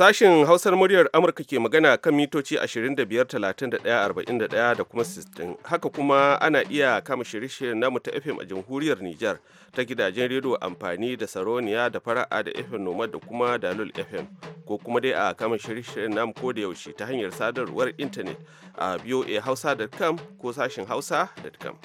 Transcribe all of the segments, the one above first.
Sashen Hausar muryar Amurka ke magana kan mitoci 25,31,41 da kuma 60. Haka kuma ana iya kama shirye namu ta FM a jamhuriyar Nijar ta gidajen rediyo amfani da Saroniya da Fara'a da FM noma da kuma Dalol FM. Ko kuma dai a kama shirye namu ko da yaushe ta hanyar sadarwar intanet a Hausa.com ko sashen hausa.com.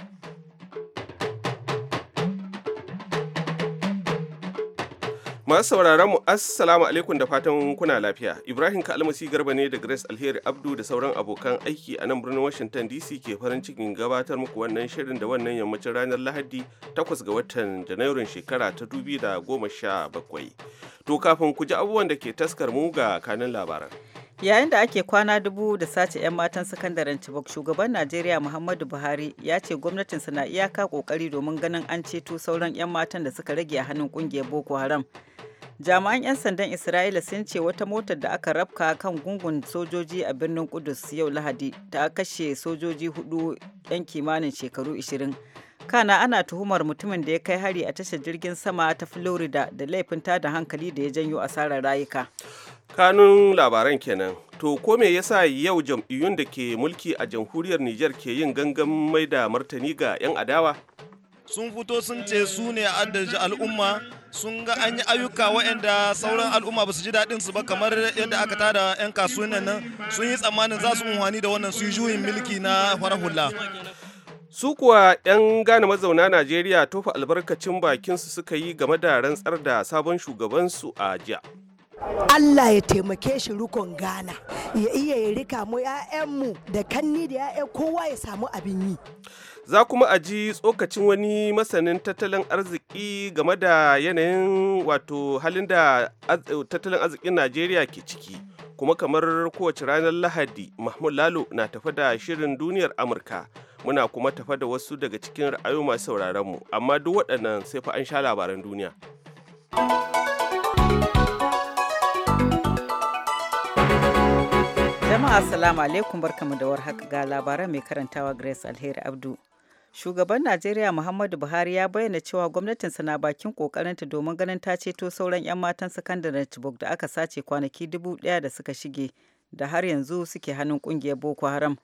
Masu sauraron mu assalamu alaikum da fatan kuna lafiya. Ibrahim Kalmasi Garba ne da Grace Alheri Abdu da sauran abokan aiki a nan birnin Washington DC ke farin cikin gabatar muku wannan shirin da wannan yammacin ranar Lahadi 8 ga watan Janairun shekara ta da 2017. To kafin ku ji abubuwan da ke taskar mu ga kanin labaran. Yayin da ake kwana dubu da sace 'yan matan sakandaren Chibok, shugaban Najeriya Muhammadu Buhari ya ce gwamnatinsa na iyaka kokari domin ganin an ceto sauran 'yan matan da suka rage a hannun kungiyar Boko Haram. Jami'an 'yan sandan Isra'ila sun ce wata motar da aka rafka kan gungun sojoji a birnin Kudus yau Lahadi ta kashe sojoji hudu 'yan kimanin shekaru 20. kana ana tuhumar mutumin da ya kai hari a tashar jirgin sama ta florida da laifin tada hankali da ya janyo asarar rayuka kanun labaran kenan to ko me yasa yau jam'iyyun da ke mulki a jamhuriyar niger ke yin gangan mai da martani ga 'yan adawa sun fito sun ce su ne addaji al'umma sun ga an yi ayyuka waɗanda sauran al'umma ba su ji daɗin su ba kamar yadda aka tada 'yan kasuwan nan sun yi tsammanin za su unhwani da wannan su yi juyin mulki na hula. su kuwa 'yan gane mazauna najeriya tofa albarkacin bakinsu suka yi game da rantsar da sabon shugabansu a jiya Allah ya taimake shi rukon Ghana ya iya ya rika mu 'ya'yanmu da kanni da 'ya'ya kowa ya samu abin yi. Za kuma a ji tsokacin wani masanin tattalin arziki game da yanayin wato halin da tattalin arzikin Najeriya ke ciki. kuma kamar kowace ranar lahadi mahmud lalo na tafa da shirin duniyar amurka muna kuma tafa da wasu daga cikin ra'ayo masu sauraron mu amma duk waɗannan sai fa an sha labaran duniya jama'a assalamu alaikum barkamu da warhaka ga labaran mai karantawa grace alheri abdu shugaban najeriya muhammadu buhari ya bayyana cewa gwamnatinsa na bakin kokarinta domin ganin ta ceto sauran 'yan matan sakandaren chibok da aka sace kwanaki dubu daya da suka shige da har yanzu suke hannun kungiyar boko haram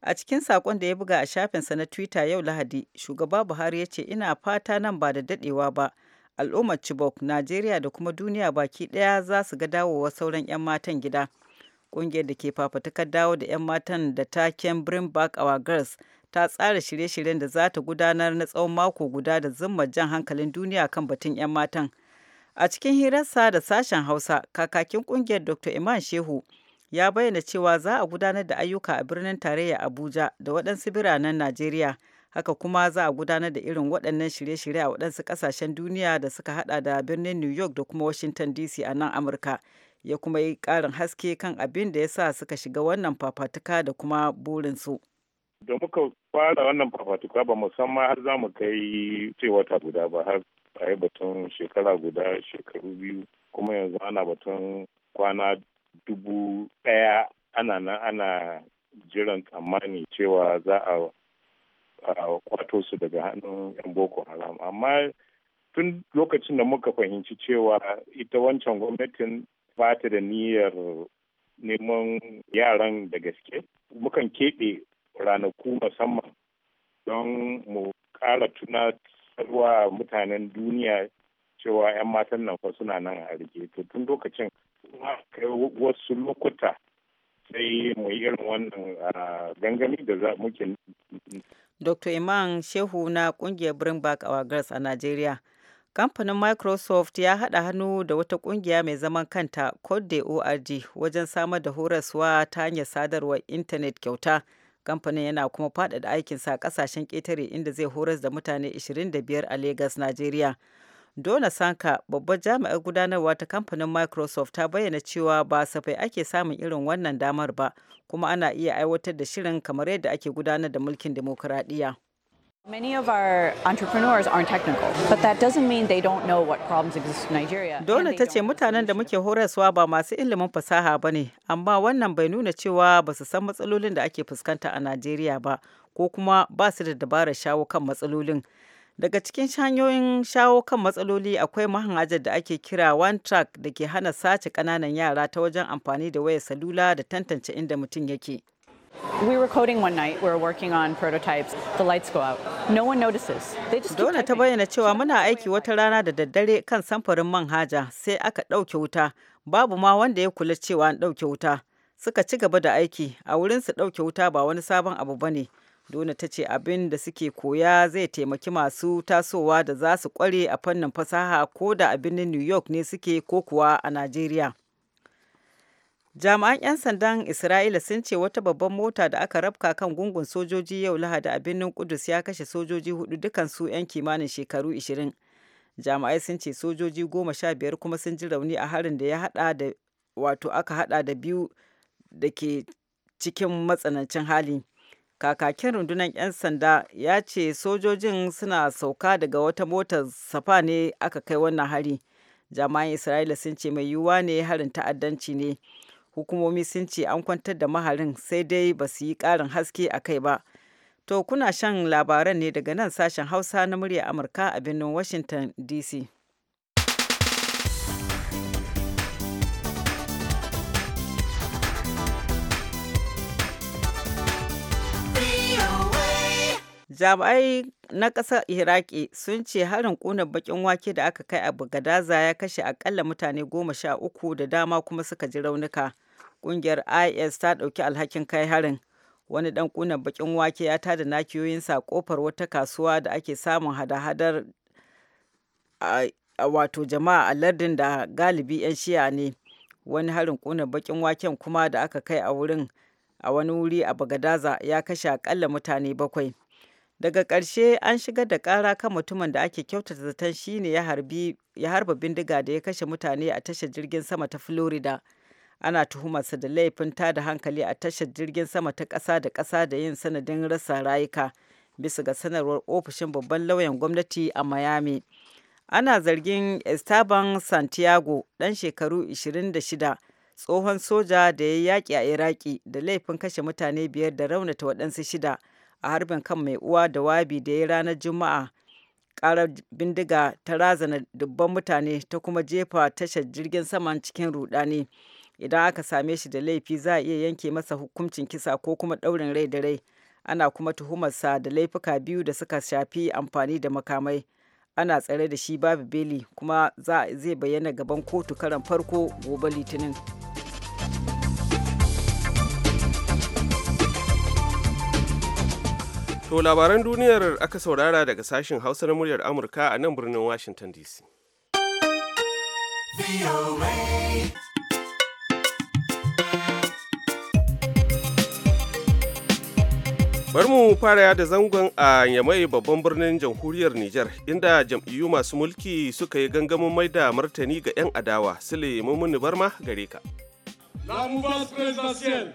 a cikin sakon da ya buga a shafinsa na twitter yau lahadi shugaba buhari ya ce ina fata nan ba da dadewa ba al'ummar chibok najeriya da kuma duniya baki daya za su ga dawowa sauran 'yan matan gida kungiyar da ke fafatakar dawo da 'yan matan da taken bring back our girls ta tsara shirye-shiryen da za ta gudanar na tsawon mako guda da zimmar jan hankalin duniya kan batun 'yan matan. A cikin hirarsa da sashen Hausa, kakakin kungiyar Dr. Iman Shehu ya bayyana cewa za a gudanar da ayyuka a birnin tarayya Abuja da waɗansu biranen Najeriya. Haka kuma za a gudanar da irin waɗannan shirye-shirye a waɗansu ƙasashen duniya da suka hada da birnin New York da kuma Washington DC a nan Amurka. Ya kuma yi ƙarin haske kan abin da ya sa suka shiga wannan fafatuka da kuma burinsu. da muka fara wannan fafatuka ba musamman har za mu kai ce wata guda ba har a yi batun shekara guda shekaru biyu kuma yanzu ana batun kwana dubu ɗaya ana nan ana jiran tsammani cewa za a kwato su daga hannun 'yan boko haram amma tun lokacin da muka fahimci cewa ita wancan gwamnatin ba ta da niyyar neman yaran da gaske mukan keɓe ranaku musamman don mu ƙara tunatarwa mutanen duniya cewa 'yan matan nan fa suna nan a rike to tun lokacin kai wasu lokuta sai mu yi irin wannan gangami da za muke Dr. Iman Shehu na kungiyar Bring Back Our Girls a nigeria Kamfanin Microsoft ya haɗa hannu da wata ƙungiya mai zaman kanta org wajen samar da horaswa ta hanyar sadarwar intanet kyauta Kamfanin yana kuma faɗaɗa aikinsa a ƙasashen ƙetare inda zai horas da mutane 25 a Legas, Najeriya. Dona Sanka, babbar jami'ar gudanarwa ta kamfanin Microsoft ta bayyana cewa ba safai ake samun irin wannan damar ba, kuma ana iya aiwatar da shirin kamar yadda ake gudanar da mulkin dimokuraɗiyya. Many of our entrepreneurs aren't technical, but that doesn't mean they don't know what problems exist in Nigeria. Dole ta ce mutanen da muke horaswa ba masu ilimin fasaha ba ne, amma wannan bai nuna cewa ba su san matsalolin da ake fuskanta a Najeriya ba, ko kuma ba su da dabarar shawo kan matsalolin. Daga cikin hanyoyin shawo kan matsaloli akwai mahangajar da ake kira one track da ke hana sace ƙananan yara ta wajen amfani da wayar salula da tantance inda mutum yake. Dole ta bayyana cewa muna aiki wata rana da daddare kan samfurin manhaja sai aka ɗauke wuta, babu ma wanda ya kula cewa an ɗauke wuta. Suka ci gaba da aiki, a wurin su ɗauke wuta ba wani sabon abu ba ne. Dole ta ce abin da suke koya zai taimaki masu tasowa da za su kware a fannin fasaha ko da a birnin New York ne suke ko kuwa a Najeriya. jami'an 'yan sandan isra'ila sun ce wata babban mota da aka rabka kan gungun sojoji yau lahadi a birnin kudus ya kashe sojoji hudu dukansu 'yan kimanin shekaru 20 jami'ai sun ce sojoji goma sha biyar kuma sun ji rauni a harin da ya hada da wato aka hada da biyu da ke cikin matsanancin hali kakakin rundunar 'yan sanda ya ce sojojin suna sauka daga wata motar safa ne aka kai wannan hari jami'an isra'ila sun ce mai yiwuwa ne harin ta'addanci ne hukumomi sun ce an kwantar da maharin sai dai ba su yi ƙarin haske a kai ba to kuna shan labaran ne daga nan sashen hausa na murya amurka a birnin washington dc jami'ai na ƙasar Iraki sun ce harin ƙunar bakin wake da aka kai a Bagadaza ya kashe akalla mutane goma sha uku da dama kuma suka ji raunuka. Ƙungiyar IS ta ɗauki alhakin kai harin. Wani ɗan ƙunar bakin wake ya tada nakiyoyinsa a ƙofar wata kasuwa da ake samun hada-hadar wato jama'a a lardin da galibi 'yan shiya ne. Wani harin ƙunar bakin waken kuma da aka kai a wurin a wani wuri a Bagadaza ya kashe akalla mutane bakwai. daga ƙarshe an shigar da ƙara kan mutumin da ake kyautata zaton shi ne ya harba bindiga da ya kashe mutane a tashar jirgin sama ta florida ana tuhumarsa da laifin tada hankali a tashar jirgin sama ta ƙasa da ƙasa da yin sanadin rasa rayuka bisa ga sanarwar ofishin babban lauyan gwamnati a miami ana zargin esteban santiago ɗan shekaru 26 tsohon soja da ya yaƙi a iraki da laifin kashe mutane biyar da raunata waɗansu shida a harbin kan mai uwa da wabi da ya ranar juma'a karar bindiga ta razana dubban mutane ta kuma jefa tashar jirgin saman cikin rudani idan aka same shi da laifi za a iya yanke masa hukuncin kisa ko kuma daurin rai da rai ana kuma tuhumarsa da laifuka biyu da suka shafi amfani da makamai ana tsare da shi babu beli kuma zai bayyana gaban kotu karan farko gobe litinin To labaran duniyar aka saurara daga sashen Hausa na muryar Amurka a nan birnin Washington DC. Bar mu fara da zangon a Yamai babban birnin jamhuriyar Nijar inda jam'iyyu masu mulki suka yi gangamin mai da martani ga 'yan adawa Sule bar Barma gare ka. La mouvance presidential!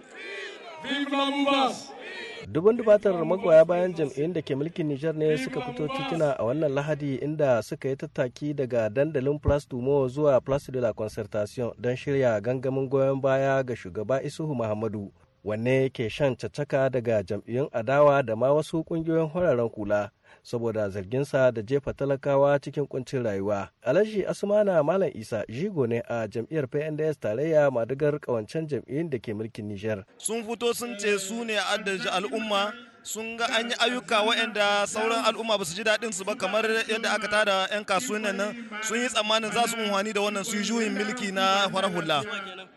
vive la bas. Dubun dubatar magoya bayan jam'iyyun da ke mulkin Nijar ne suka fito tituna a wannan Lahadi inda suka yi tattaki daga dandalin Place Dumo zuwa Place de la Concertation don shirya gangamin goyon baya ga shugaba Isuhu Muhammadu wanne ke shan caccaka daga jam'iyyun adawa da ma wasu kungiyoyin hararen kula saboda zarginsa da jefa talakawa cikin kuncin rayuwa alhaji asmana malam isa jigo ne a jam'iyyar pnds tarayya madigar kawancen jam'iyyun da ke mulkin nijar sun fito sun ce su ne addaji al'umma sun ga an yi ayyuka waɗanda sauran al'umma ba su ji daɗin su ba kamar yadda aka tada 'yan kasuwannin nan sun yi tsammanin za su muhani da wannan su yi juyin milki na farahulla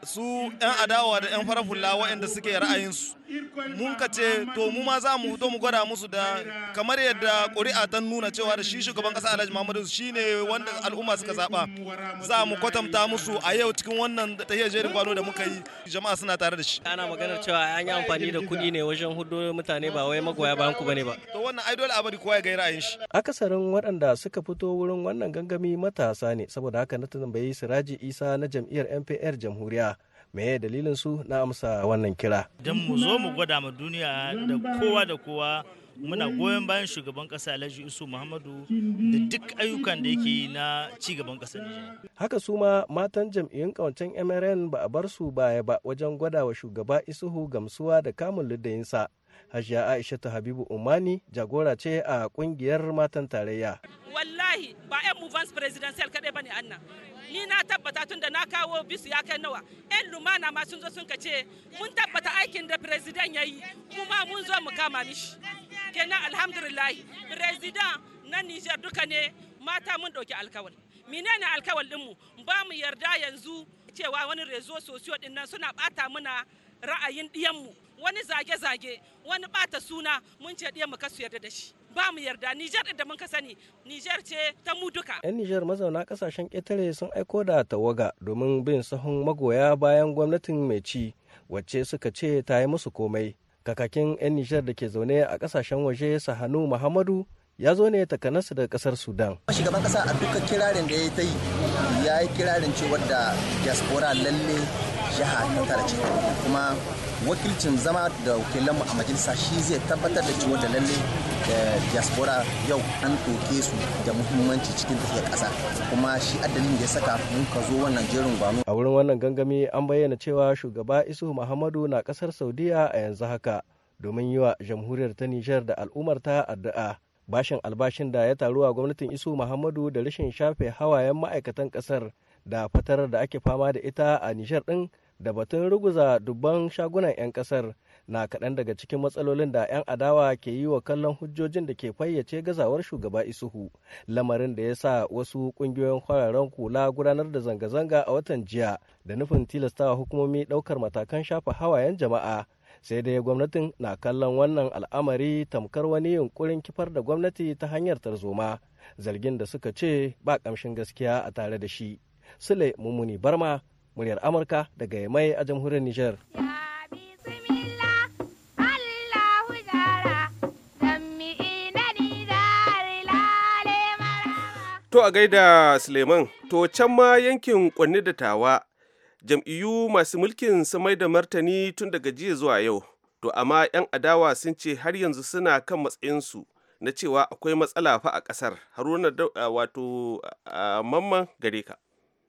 su 'yan adawa da 'yan farahulla waɗanda suke ra'ayinsu mun ka ce to mu ma za mu fito mu gwada musu da kamar yadda ƙuri'a ta nuna cewa da shi shugaban ƙasa alhaji muhammadu shine wanda al'umma suka zaba za mu kwatanta musu a yau cikin wannan tahiyar jerin gwano da muka yi jama'a suna tare da shi ana maganar cewa an yi amfani da kuɗi ne wajen hudu mutane ba wai wai magoya bayan ku bane ba to wannan ai dole a kowa ya ga ra'ayin shi akasarin waɗanda suka fito wurin wannan gangami matasa ne saboda haka na tambayi Siraji Isa na jam'iyyar NPR Jamhuriya me ya dalilin su na amsa wannan kira dan mu zo mu gwada ma duniya da kowa da kowa muna goyon bayan shugaban kasa Alhaji Isu Muhammadu da duk ayyukan da yake na ci gaban kasa Nijar. Haka su ma matan jam'iyyun kawancen MRN ba a bar su baya ba wajen gwada wa shugaba Isuhu gamsuwa da kamun luddayinsa hajiya aishatu habibu umani jagora ce a kungiyar matan tarayya wallahi ba yan movance presidential kadai bane annan ni na tabbata tunda na kawo bisu ya kai nawa yan lumana ma sun zo sun ka ce mun tabbata aikin da president yayi kuma mun zo mu kama mishi kenan alhamdulillah president na Niger duka ne mata mun ɗauki alkawal menene alkawal mu ba mu yarda yanzu cewa wani rezo sosiyo dinnan suna bata muna ra'ayin ɗiyanmu wani zage-zage wani bata suna mun ce ɗiyanmu kasu yarda da shi ba mu yarda Nijar da muka sani Nijar ce ta mu duka. 'Yan Nijar mazauna kasashen ƙetare sun aiko da tawaga domin bin sahun magoya bayan gwamnatin mai ci wacce suka ce ta yi musu komai. Kakakin 'yan Nijar da ke zaune a kasashen waje Sahanu Muhammadu ya zo ne takanarsa daga kasar Sudan. Shugaban kasa a dukkan kirarin da ya yi ta yi ya yi kirarin cewar da diaspora lalle jiha ta tara ce kuma wakilcin zama da wakilanmu a majalisa shi zai tabbatar da cewa da lalle da diaspora yau an ɗauke su da muhimmanci cikin tafiyar kasa kuma shi adalin da ya saka mun ka zo wannan jerin gwano. a wurin wannan gangami an bayyana cewa shugaba isu muhammadu na ƙasar saudiya a yanzu haka domin yi wa jamhuriyar ta nijar da al'ummar ta addu'a bashin albashin da ya taru a gwamnatin isu muhammadu da rashin shafe hawayen ma'aikatan ƙasar da fatarar da ake fama da ita a Nijar ɗin da batun ruguza dubban shagunan 'yan ƙasar na kaɗan daga cikin matsalolin da 'yan adawa ke yi wa kallon hujjojin da ke fayyace gazawar shugaba isuhu lamarin da ya sa wasu ƙungiyoyin kwararren kula gudanar da zanga-zanga a watan jiya da nufin tilastawa hukumomi ɗaukar matakan shafa hawayen jama'a sai dai gwamnatin na kallon wannan al'amari tamkar wani yunkurin kifar da gwamnati ta hanyar tarzoma zargin da suka ce ba ƙamshin gaskiya a tare da shi Sule Mumuni Barma, muryar Amurka daga Yamai a jamhuriyar Nijar. To a gaida Suleiman, to can ma yankin kwanne da tawa, jam'iyyu masu mulkin samai da martani tun daga jiya zuwa yau, to amma 'yan adawa sun ce har yanzu suna kan matsayinsu na cewa akwai matsala fa a ƙasar, haruna wato mamman gare ka.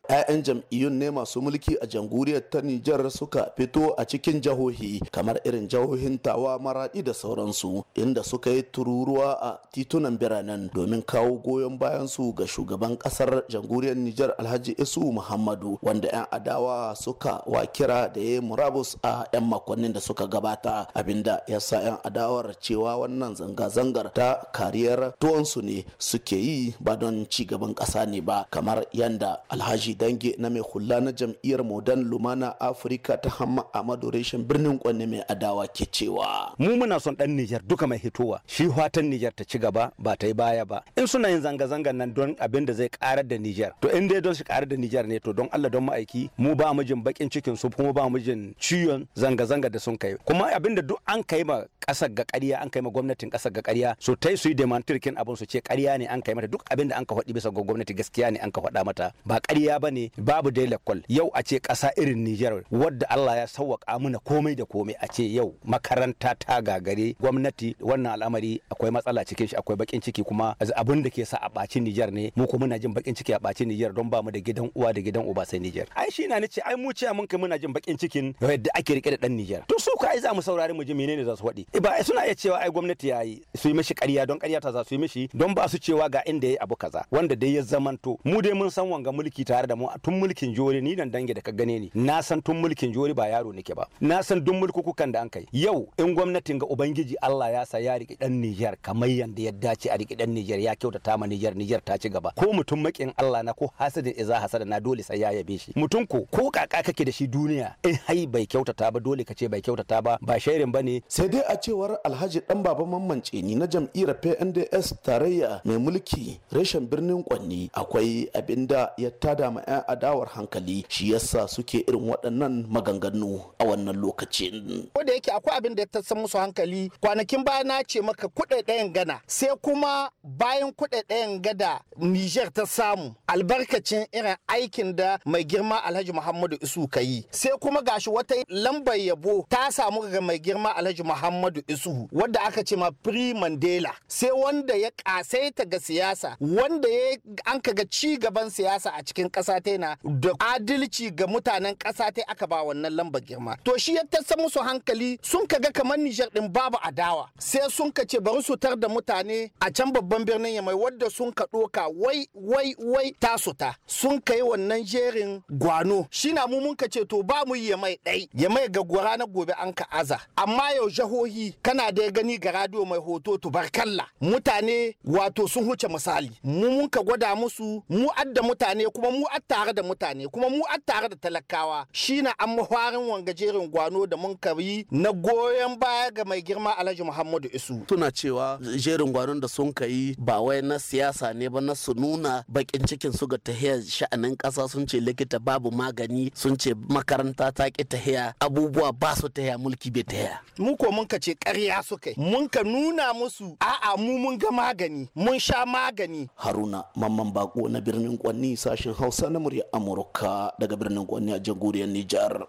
'ya'yan jam'iyyun ne masu mulki a jamhuriyar ta Nijar suka fito a cikin jahohi? kamar irin jihohin Tawa Maradi da sauransu inda suka yi tururuwa a titunan biranen domin kawo goyon bayan su ga shugaban kasar jamhuriyar Nijar Alhaji Isu Muhammadu wanda 'yan adawa suka wakira da ya murabus a 'yan makonnin da suka gabata abinda ya sa 'yan adawar cewa wannan zanga-zangar ta kariyar tuwansu ne suke yi ba don ci gaban ƙasa ne ba kamar yanda Alhaji Haji Dange na mai hula na jam'iyyar modern lumana afirka ta hamma amadu reshen birnin kwanne mai adawa ke cewa mu muna son dan nijar duka mai hitowa shi fatan nijar ta ci gaba ba ta yi baya ba in suna yin zanga-zangan nan don abin da zai karar da nijar to in dai don shi karar da nijar ne to don allah don ma'aiki mu ba mu jin bakin cikin su kuma ba mu jin ciwon zanga-zanga da sun kai kuma abin da duk an kai ma kasar ga ƙarya an kai ma gwamnatin kasar ga ƙarya so tai su yi demantirkin abin su ce ƙarya ne an kai mata duk abin da an ka faɗi bisa ga gwamnati gaskiya ne an ka faɗa mata ba ƙarya ba ne babu dai lakwal yau a ce ƙasa irin Nijar wadda Allah ya sauwaka mana komai da komai a ce yau makaranta ta gagare gwamnati wannan al'amari akwai matsala cikin shi akwai bakin ciki kuma abin da ke sa a ɓaci Nijar ne mu kuma muna jin bakin ciki a ɓaci Nijar don ba mu da gidan uwa da gidan uba sai Nijar ai shi na nace ai mu ce mun kai muna jin bakin cikin yadda ake rike da dan Nijar to su ka ai za mu saurari mu ji menene za su faɗi ba suna iya cewa ai gwamnati yayi su yi mishi ƙarya don ƙarya ta za su yi mishi don ba su cewa ga inda yayi abu kaza wanda dai ya zamanto mu dai mun san wanga mulki tare da mu tun mulkin jori ni nan dange da ka gane ni na san tun mulkin jori ba yaro nake ba na san duk mulkukukan da an kai yau in gwamnatin ga ubangiji Allah ya sa ya riki dan Niger kamar yanda ya dace a riki dan Niger ya kyautata ma Niger Niger ta ci gaba ko mutum makin Allah na ko hasadin iza hasada na dole sai ya yabe shi mutum ko ko kaka kake da shi duniya in hai bai kyautata ba dole ka ce bai kyautata ba ba shairin bane sai dai a cewar Alhaji dan baba mamance ni na jam'iyyar PNDS tarayya mai mulki reshen birnin Kwanni akwai abinda ya tada ma ma 'yan adawar hankali shi yasa suke irin waɗannan maganganu a wannan lokacin. Ko da yake akwai abin da ya san musu hankali kwanakin baya na ce maka kuɗaɗen gana sai kuma bayan kuɗaɗen gada Niger ta samu albarkacin irin aikin da mai girma Alhaji Muhammadu Isu ka yi sai kuma gashi wata lambar yabo ta samu ga mai girma Alhaji Muhammadu Isu wadda aka ce ma Pri Mandela sai wanda ya kasaita ga siyasa wanda ya an ga ci gaban siyasa a cikin ƙasa ƙasa ta na da adalci ga mutanen ƙasa ta aka ba wannan lamba girma to shi ya tasa musu hankali sun ka ga kamar Nijar ɗin babu adawa sai sun ka ce bari su tar da mutane a can babban birnin Yamai wadda sun ka ɗoka wai wai wai tasu ta sun ka yi wannan jerin gwano shi na mu mun ka ce to ba mu yi Yamai ɗai Yamai ga gora na gobe an ka aza amma yau jahohi kana da gani ga radio mai hoto tubarkalla mutane wato sun huce misali mu mun ka gwada musu mu adda mutane kuma mu an tare da mutane kuma mu an da talakawa shine an mafarin wangajerin gwano da mun kari na goyon baya ga mai girma Alhaji Muhammadu Isu. Tuna cewa jerin gwanon da sun kai ba wai na siyasa ne ba na su nuna bakin cikin su ga tahiyar sha'anin kasa sun ce likita babu magani sun ce makaranta ta ki tahiya abubuwa ba su tahiya mulki bai tahiya. Mu ko mun ka ce ƙarya su kai mun ka nuna musu a'a mu mun ga magani mun sha magani. Haruna Mamman Bako na birnin Kwanni sashen Hausa na murya Amurka daga birnin kwanni a jamhuriyar Nijar.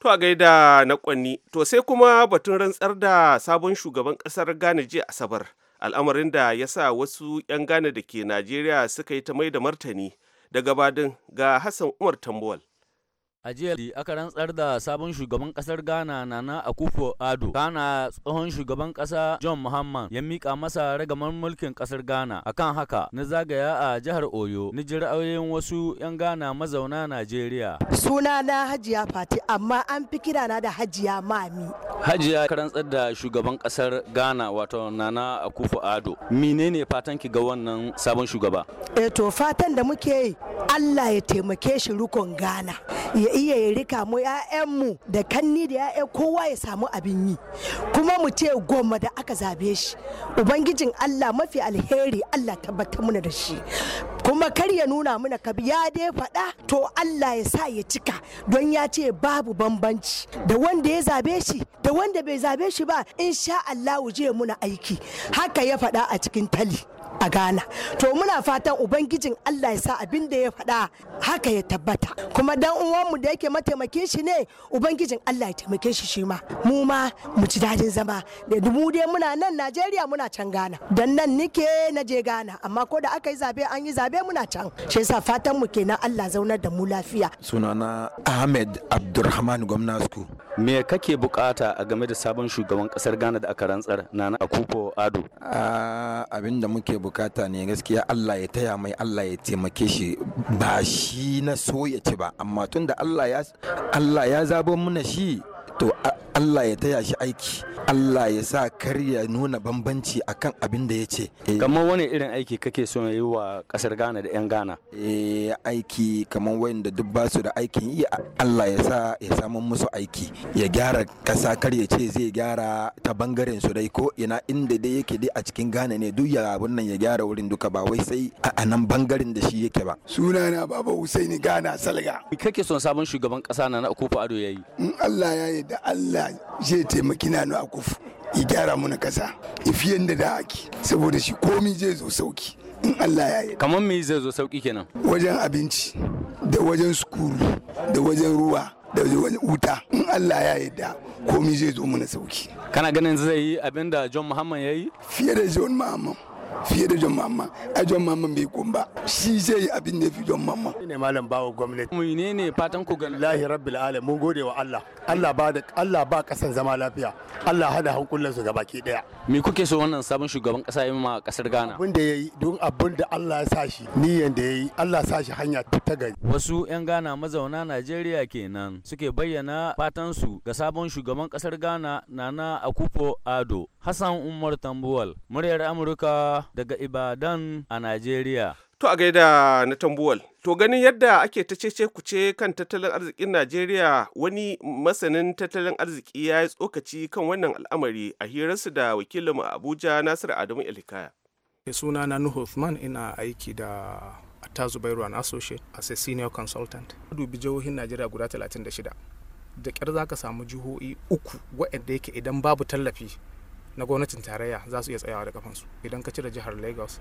To a gaida na kwanni to sai kuma batun rantsar da sabon shugaban kasar Ghana jiya Asabar, al'amarin da ya sa wasu 'yan Ghana da ke Najeriya suka yi ta mai da martani daga badin ga Hassan Umar Tambuwal. A jiya aka rantsar da sabon shugaban kasar Ghana Nana Akufo Ado. Ghana tsohon shugaban kasa John Muhammad ya mika masa ragamar mulkin kasar Ghana. Akan haka na zagaya a jihar Oyo ni ji ra'ayoyin wasu 'yan Ghana mazauna Najeriya. Suna na Hajiya Fati amma an fi kira na da Hajiya Mami. Hajiya ka rantsar da shugaban kasar Ghana wato Nana Akufo Ado. Menene fatan ki ga wannan sabon shugaba? Eh to fatan da muke yi Allah ya taimake shi rukon Ghana. iya ya rika mu mu da kanni da ya'ya kowa ya samu abin yi kuma mu ce goma da aka zabe shi ubangijin Allah mafi alheri Allah tabbatar muna da shi kuma kar ya nuna mana kabi ya dai faɗa to Allah ya sa ya cika don ya ce babu bambanci da wanda ya zabe shi da wanda bai zabe shi ba insha Allah je muna aiki haka ya faɗa a cikin tali a Ghana. To muna fatan Ubangijin Allah ya sa abin da ya faɗa haka ya tabbata. Kuma dan uwanmu da yake mataimakin shi ne Ubangijin Allah ya taimake shi shi ma. Mu ma mu ci dadin zama. Da mu dai muna nan Najeriya muna can Ghana. Dan nan nike na je Ghana amma ko da aka yi zabe an yi zabe muna can. Shi yasa fatan mu kenan Allah zaunar da mu lafiya. Sunana Ahmed Abdulrahman Gwamnasku. Me kake bukata a game da sabon shugaban kasar Ghana da aka rantsar Nana Akufo Ado? Ah, abin da muke bukata ne gaskiya Allah ya taya mai Allah ya taimake shi ba shi na so ya ci ba amma tun da Allah ya zabo muna shi to Allah ya taya shi aiki Allah ya sa kar ya nuna bambanci akan abin da ya ce eh. kamar wani irin aiki kake so yi wa kasar Ghana da 'yan Ghana eh aiki kamar wanda duk ba su da aikin yi Allah ya sa ya samu musu aiki ya gyara kasa kar ya ce zai gyara ta bangaren su dai ko ina inda dai yake dai a cikin Ghana ne duk ya abun nan ya gyara wurin duka ba wai sai a nan bangaren da shi yake ba sunana baba Hussaini Ghana Salga kake son sabon shugaban kasa na na Akufo Ado yayi in Allah ya yarda Allah zai taimaki nanu a kufu ya gyara muna kasa ya fi yadda da haki saboda shi komi zai zo sauki in Allah ya yi kamar me zai zo sauki kenan wajen abinci da wajen sukuru da wajen ruwa da wajen wuta in Allah ya yarda komi zai zo muna sauki kana ganin zai yi abin da John Muhammad ya yi fiye da John Muhammad fiye da John Mamman a John Mamman bai kun ba shi zai yi abin da fi John Mamman ne malam bawo gwamnati mu ne ne fatan ku ga lahi rabbil alamin mun gode wa Allah Allah ba da Allah ba kasan zama lafiya Allah hada hankulan su gabaki daya me kuke so wannan sabon shugaban kasa ya ma kasar Ghana abin da yayi don abin da Allah ya sa shi niyan da yayi Allah ya sa shi hanya ta gari wasu yan Ghana mazauna Najeriya kenan suke bayyana fatan su ga sabon shugaban kasar Ghana Nana Akufo Ado Hassan Umar Tambuwal, muryar Amurka daga Ibadan a Najeriya. To a gaida na Tambuwal. To ganin yadda ake ta cece kuce kan tattalin arzikin Najeriya wani masanin tattalin arziki ya yi tsokaci kan wannan al'amari a su da wakilinmu a Abuja Nasiru Adamu Ilkaya. Eh, suna na Nuhu Uthman ina aiki da ta Zubairu an associate as a senior consultant. Dubi jihohin Najeriya guda 36. Da ƙyar za ka samu jihohi uku waɗanda yake idan babu tallafi na gwamnatin tarayya za su iya tsayawa da kafansu idan ka cire jihar lagos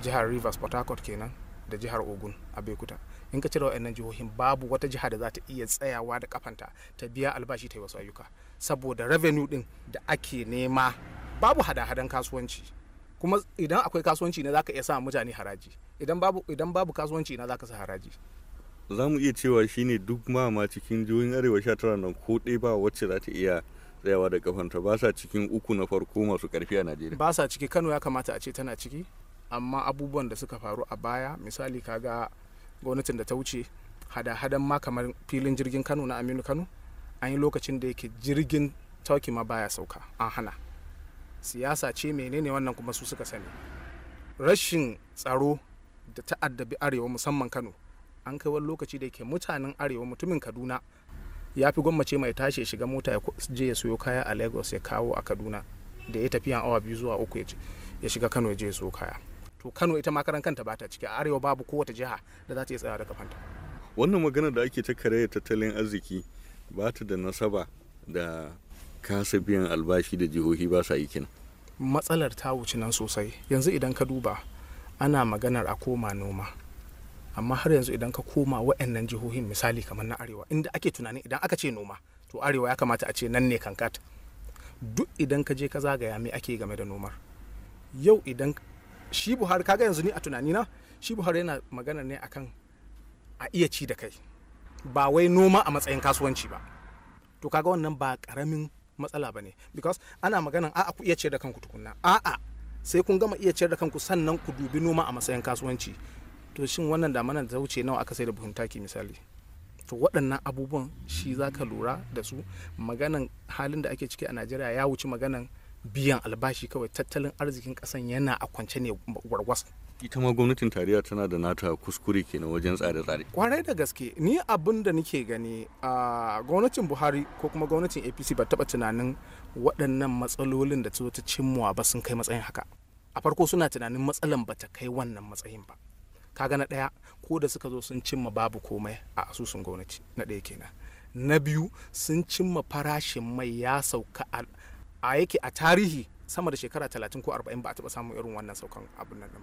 jihar rivers port harcourt kenan da jihar ogun a bekuta in ka cire wa'annan jihohin babu wata jiha da za ta iya tsayawa da kafanta ta biya albashi ta yi wasu ayyuka saboda revenue din da ake nema babu hada-hadan kasuwanci kuma idan akwai kasuwanci na ka iya sa mutane haraji idan babu idan babu kasuwanci na ka sa haraji za mu iya cewa shine duk ma cikin jihohin arewa 19 nan ko ɗaya ba wacce za ta iya tsayawa da kafanta ba sa cikin uku na farko masu karfi a najeriya ba sa ciki kano ya kamata a ce tana ciki amma abubuwan da suka faru a baya misali kaga gwamnatin da ta wuce hada-hadan ma kamar filin jirgin kano na aminu kano an yi lokacin da yake jirgin tauki ma baya sauka an hana siyasa ce menene wannan kuma su suka sani rashin tsaro da ta'addabi arewa musamman kano an kai wani lokaci da yake mutanen arewa mutumin kaduna ya fi gwammace mai tashi ya shiga mota ya je ya soyo kaya a lagos ya kawo a kaduna da ya tafiyan awa biyu zuwa uku ya shiga kano ya je ya soyo kaya to kano ita ma karan kanta ba ta ciki a arewa babu kowace jiha da za ta iya tsaya da kafanta wannan magana da ake ta karaya tattalin arziki ba ta da nasaba da kasa biyan albashi da jihohi ba sa yi matsalar ta wuce nan sosai yanzu idan ka duba ana maganar a koma noma amma har yanzu idan ka koma wa'annan jihohin misali kamar na arewa inda ake tunanin idan aka ce noma to arewa ya kamata a ce nan ne kankat duk idan ka je ka zagaya me ake game da nomar yau idan shi buhari kaga yanzu ni a tunanina shi buhari yana magana ne akan a iya ci da kai ba wai noma a matsayin kasuwanci ba to kaga wannan ba karamin matsala ba ne because ana maganan a'a ku iya ciyar da kanku tukunna a'a sai kun gama iya ciyar da kanku sannan ku dubi noma a matsayin kasuwanci to shin wannan damana da ta wuce nawa aka sai da buhun taki misali to waɗannan abubuwan shi za ka lura da su maganan halin da ake ciki a najeriya ya wuce maganan biyan albashi kawai tattalin arzikin kasan yana a kwance ne warwas ita ma gwamnatin tarayya tana da nata kuskure kenan wajen tsare-tsare kwarai da gaske ni abin da nake gani a gwamnatin buhari ko kuma gwamnatin apc ba taba tunanin waɗannan matsalolin da ta cimmuwa ba sun kai matsayin haka a farko suna tunanin matsalan ba ta kai wannan matsayin ba kaga na ɗaya ko da suka zo sun cimma babu komai a asusun gwamnati na ɗaya kenan na biyu sun cimma farashin mai ya sauka a yake a tarihi sama da shekara 30 ko 40 ba a taɓa samun irin wannan saukan abin nan ba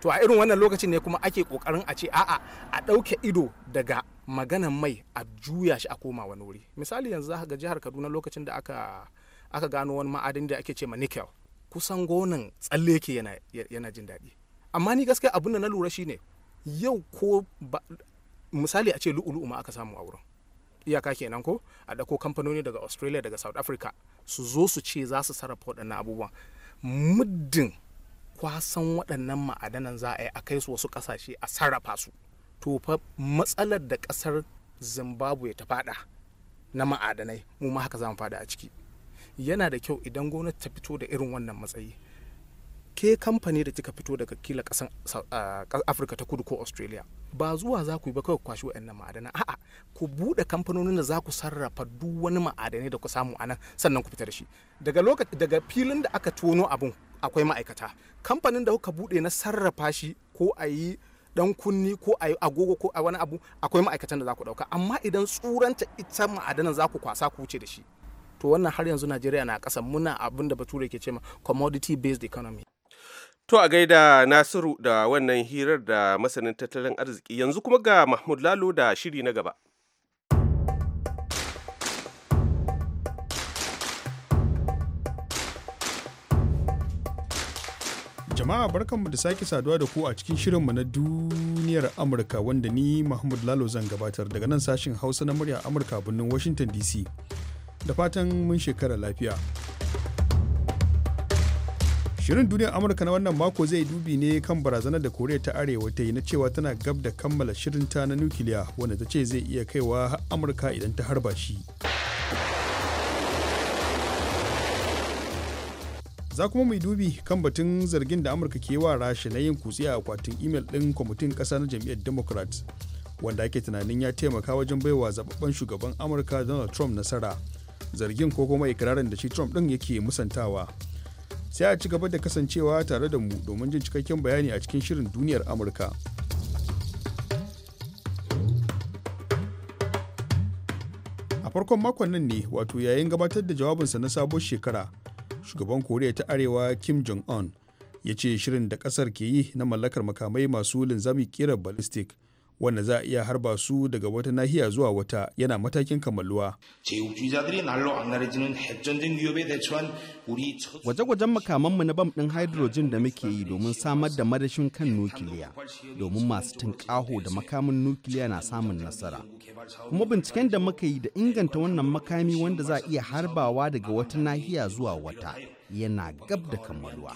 to a irin wannan lokacin ne kuma ake kokarin a ce a'a a ɗauke ido daga maganan mai a juya shi a koma wani wuri misali yanzu za ga jihar kaduna lokacin da aka aka gano wani ma'adin da ake ce ma nickel kusan gonan tsalle ke yana jin daɗi amma ni gaskiya abin da na lura shine yau ko ba misali a ce lu'ulu'u ma aka samu a wurin iyaka kenan ko a dako kamfanoni daga australia daga south africa su zo su ce za su sarrafa waɗannan abubuwan muddin kwasan waɗannan ma'adanan za a yi a kai su wasu ƙasashe a sarrafa su to fa matsalar da ƙasar zimbabwe ta fada na ma'adanai mu ma haka za mu fada a ciki yana da kyau idan gwamnati ta fito da irin wannan matsayi ke kamfani da kika fito daga kila kasan afirka ta kudu ko australia ba zuwa za ku yi ba kawai kwashi wa'annan ma'adana a'a ku buɗe kamfanonin da za ku sarrafa duk wani ma'adanai da ku samu a nan sannan ku fita da shi daga lokaci daga filin da aka tono abun akwai ma'aikata kamfanin da kuka buɗe na sarrafa shi ko a yi dan kunni ko a agogo ko a wani abu akwai ma'aikatan da za ku ɗauka amma idan tsuranta ita ma'adanan za ku kwasa ku wuce da shi to wannan har yanzu najeriya na ƙasa muna abin da bature ke ce commodity based economy To a gaida Nasiru da wannan hirar da masanin tattalin arziki yanzu kuma ga Mahmud Lalo da shiri na gaba. Jama'a barkanmu da sake saduwa da ku a cikin shirinmu na duniyar Amurka wanda ni Mahmud Lalo zan gabatar daga nan sashin Hausa na murya Amurka birnin Washington DC. Da fatan mun shekara lafiya. Shirin duniyar Amurka na wannan mako zai dubi ne kan barazanar da Koriya ta Arewa ta yi na cewa tana gab da kammala shirinta na nukiliya wanda ta ce zai iya kaiwa Amurka idan ta harba shi. Za kuma mai dubi kan batun zargin da Amurka ke wa rashi na yin kutsi a akwatin imel ɗin kwamitin ƙasa na jam'iyyar Democrat wanda ake tunanin ya taimaka wajen baiwa zababben shugaban Amurka Donald Trump nasara zargin ko kuma ikirarin da shi Trump ɗin yake musantawa. sai a ci gaba da kasancewa tare da mu domin jin cikakken bayani a cikin shirin duniyar amurka a farkon makon nan ne wato yayin gabatar da jawabinsa na sabon shekara shugaban koriya ta arewa kim jong un ya ce shirin da kasar ke yi na mallakar makamai masu linzami kera ballistic wanda za a iya harba su daga wata nahiya zuwa wata yana matakin kammaluwa. Gwaje-gwajen makamanmu na bam ɗin hydrogen da muke yi domin samar da madashin kan nukiliya domin masu tunƙaho da makamin nukiliya na samun nasara. Kuma binciken da muka yi da inganta wannan makami wanda za a iya harbawa daga wata nahiya zuwa wata yana gab da kammaluwa.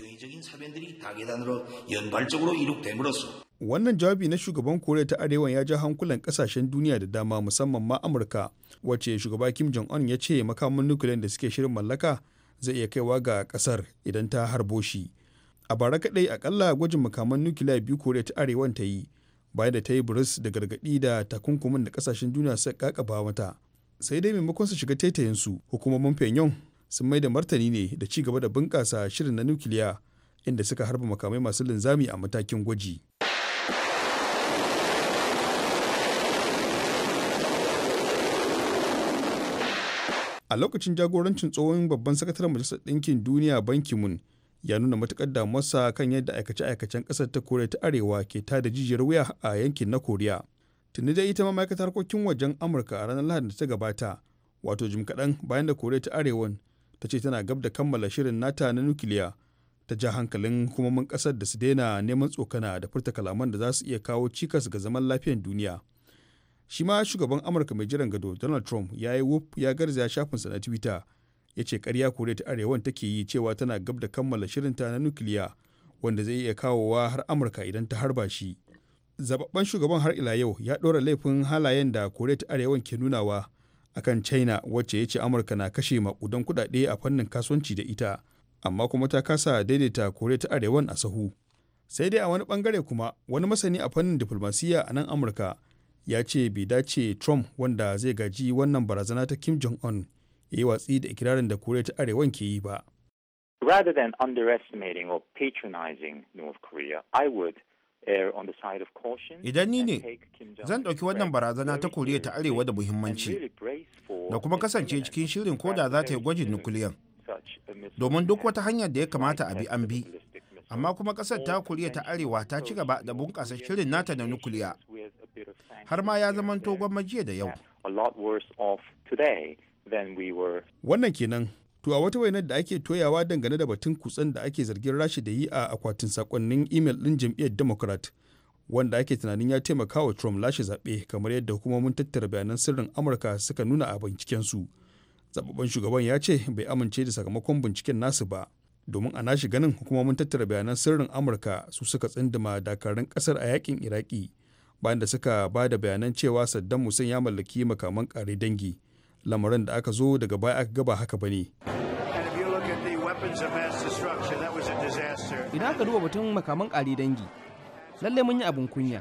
Wannan jawabi na shugaban Koriya ta Arewa ya ja hankulan kasashen duniya da dama musamman ma Amurka, wacce shugaba Kim Jong-un ya ce makaman nukiliyar da suke shirin mallaka zai iya kaiwa ga kasar idan ta harbo shi. A bara kaɗai akalla gwajin makaman nukiliya biyu Koriya ta Arewan ta yi, bayan da ta yi buris da gargaɗi da takunkumin da kasashen duniya suka kakaba mata. Sai dai maimakon su shiga taitayinsu hukumomin Pyongyang sun mai da martani ne da ci gaba da bunƙasa shirin na nukiliya inda suka harba makamai masu linzami a matakin gwaji. a lokacin jagorancin tsohon babban sakataren majalisar ɗinkin duniya banki mun ya nuna matuƙar damuwarsa kan yadda aikace-aikacen ƙasar ta koriya ta arewa ke ta da jijiyar wuya a yankin na koriya tuni dai ita ma ma'aikatar harkokin wajen amurka a ranar lahadin da ta gabata wato jim kaɗan bayan da koriya ta arewan ta ce tana gab da kammala shirin nata na nukiliya ta ja hankalin hukumomin kasar da su daina neman tsokana da furta kalaman da za su iya kawo cikas ga zaman lafiyar duniya shi ma shugaban amurka mai jiran gado donald trump ya yi wuf ya garzaya shafinsa na twitter ya ce karya koriya ta arewan take yi cewa tana gab da kammala ta na nukiliya wanda zai iya kawowa har amurka idan ta harba shi zababben shugaban har ila yau ya ɗora laifin halayen da koriya ta arewan ke nunawa akan china wacce ya ce amurka na kashe makudan kudade a fannin kasuwanci da ita amma kuma ta kasa daidaita korea ta arewan a sahu sai dai a wani bangare kuma wani masani a fannin diflomasiyya a nan amurka ya ce bai dace trump wanda zai gaji wannan barazana ta kim jong un ya yi watsi da ikirarin da kore ta arewan ke yi ba rather than underestimating or patronizing north korea i would Idan ni ne, zan ɗauki wannan barazana ta Koriya ta Arewa da muhimmanci, da kuma kasance cikin shirin koda za ta yi gwajin nukuliyan. Domin duk wata hanyar da ya kamata a bi an bi, amma kuma ƙasar ta Koriya ta Arewa ta ci gaba da bunƙasa shirin nata na nukuliya. Har ma ya zamanto gwamma jiya da yau. Wannan kenan To a wata wainar da ake toyawa dangane da batun kutsen da ake zargin rashi da yi a akwatin sakonnin imel ɗin jam'iyyar Democrat wanda ake tunanin ya taimaka wa Trump lashe zaɓe kamar yadda hukumomin tattara bayanan sirrin Amurka suka nuna a bincikensu. Zababban shugaban ya ce bai amince da sakamakon binciken nasu ba. Domin a nashi ganin hukumomin tattara bayanan sirrin Amurka su suka tsindima dakarun ƙasar a yakin Iraki bayan da suka ba da bayanan cewa Saddam Hussein ya mallaki makaman ƙare dangi. lamarin da aka zo daga baya aka gaba haka ba ne. Idan aka duba batun makaman ƙari dangi, lalle mun yi abin kunya.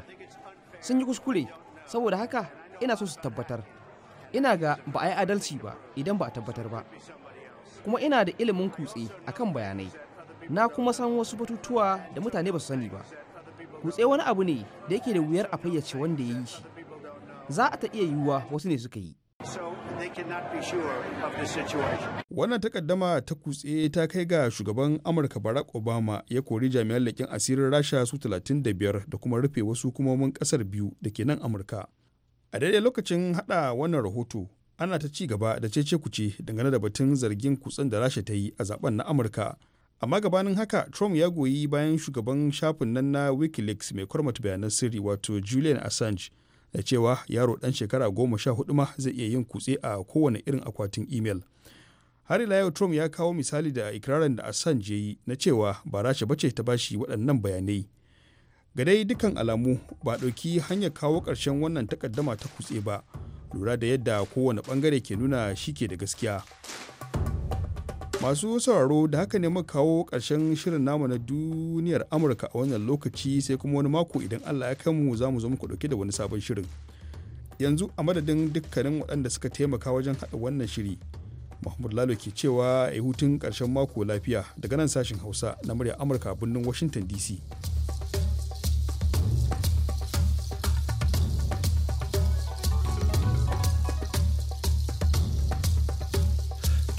Sun yi kuskure, saboda haka ina so su tabbatar. Ina ga ba a yi adalci ba idan ba a tabbatar ba. Kuma ina da ilimin kutse a kan bayanai. Na kuma san wasu batutuwa da mutane ba su sani ba. Kutse wani abu ne da yake da wuyar a fayyace wanda ya yi shi. Za a ta iya yiwuwa wasu ne suka yi. Wannan takaddama ta kutse ta kai ga shugaban Amurka Barack Obama ya kori jami'an lakin asirin Rasha su 35 da kuma rufe wasu hukumomin ƙasar biyu da ke nan Amurka. A daidai lokacin hada wannan rahoto, ana ta ci gaba da cece kuce dangane da batun zargin kutsen da Rasha ta yi a zaben na Amurka. amma gabanin haka trump ya goyi bayan shugaban shafin nan na wikileaks mai kwarmata bayanan sirri wato julian assange da cewa yaro dan shekara goma sha hudu ma zai iya yin kutse a kowane irin akwatin imel har ila yau trump ya kawo misali da ikirarin da assange yi na cewa ba rasha bace ta bashi waɗannan bayanai ga dai dukkan alamu ba ɗauki hanyar kawo ƙarshen wannan takaddama ta kutse ba lura da yadda kowane ɓangare ke nuna shi ke da gaskiya masu sauraro da haka ne muka kawo ƙarshen shirin namu na duniyar amurka a wannan lokaci sai kuma wani mako idan allah ya kai mu za mu zo muku ɗauke da wani sabon shirin yanzu a madadin dukkanin waɗanda suka taimaka wajen haɗa wannan shiri mahmud lalo ke cewa a hutun karshen mako lafiya daga nan sashen hausa na murya amurka a birnin washington dc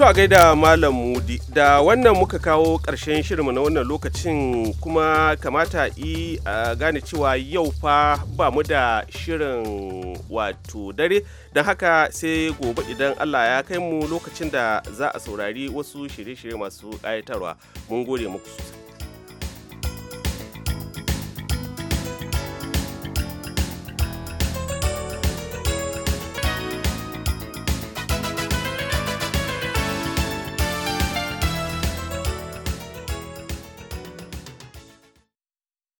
To a da Malam Mudi da wannan muka kawo ƙarshen shirin na wannan lokacin kuma kamata yi a gane cewa yau fa ba mu da shirin wato dare don haka sai gobe idan Allah ya kai mu lokacin da za a saurari wasu shirye-shirye masu ƙayatarwa mun gode muku sosai.